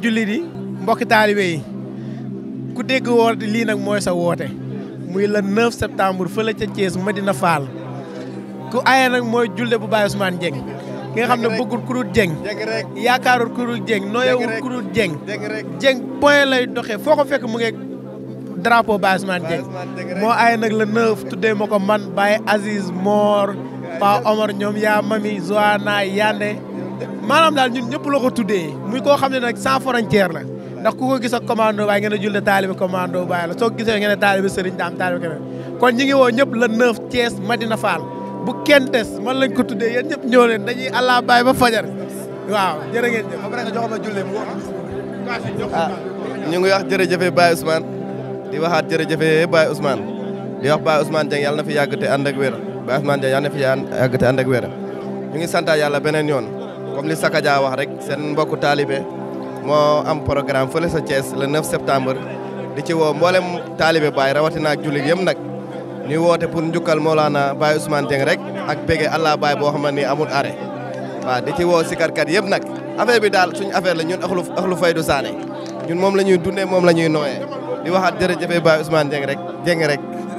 jullit yi mbokki taalibe ku dégg woote lii nag mooy sa woote muy le 9 septembre fële ca Thiès ku aye mooy julde bu Baye Ousmane Dieng ki nga xam ne bëggul kurut Dieng yaakaarul kurut Dieng nooyewul kurut Dieng Dieng point lay doxee foo ko fekk mu ngi drapeau Baye Ousmane moo aye nag tuddee ma man Baye Aziz Mor Pa Omar ñoom yaa mami Zoana Yande maanaam daal ñun ñëpp la ko tuddee muy koo xam ne nag sans frontière la ndax ku ko gis ak commando baay ngeen a julde taalibi commando baay la soo ko gisee ngeen a taalibi sëriñ daam taalibi keneen kon ñi ngi woo ñëpp la neuf Thiès Madina Fall bu kenn des man lañ ko tuddee yéen ñëpp ñëw leen dañuy allah baay ba fajar waaw jërë ngeen jëf. ba jox ma mu ah, ngi wax jërëjëf Baye Ousmane di waxaat jërëjëf Baye Ousmane di wax Baye Ousmane Dieng yàlla na fi yàgg te ànd ak wér Baye Ousmane Dieng yàlla na ak wér ñu ngi santaat yàlla beneen yoon comme li Saka Dia wax rek seen mbokku taalibe moo am programme fële sa Thiès le 9 septembre di ci woo mboolem taalibe Baye rawatina ak jullit yëpp nag ñuy woote pour njukkal Mawlana Baye Ousmane Dieng rek ak bége Allah Baye boo xam ne amul arrêt waaw di ci woo sikarkat yëpp nag affaire bi daal suñu affaire la ñun axlu axlu faydu saane ñun moom la ñuy dundee moom la ñuy nooyee di waxaat jërëjëf Baye Ousmane Dieng rek Dieng rek.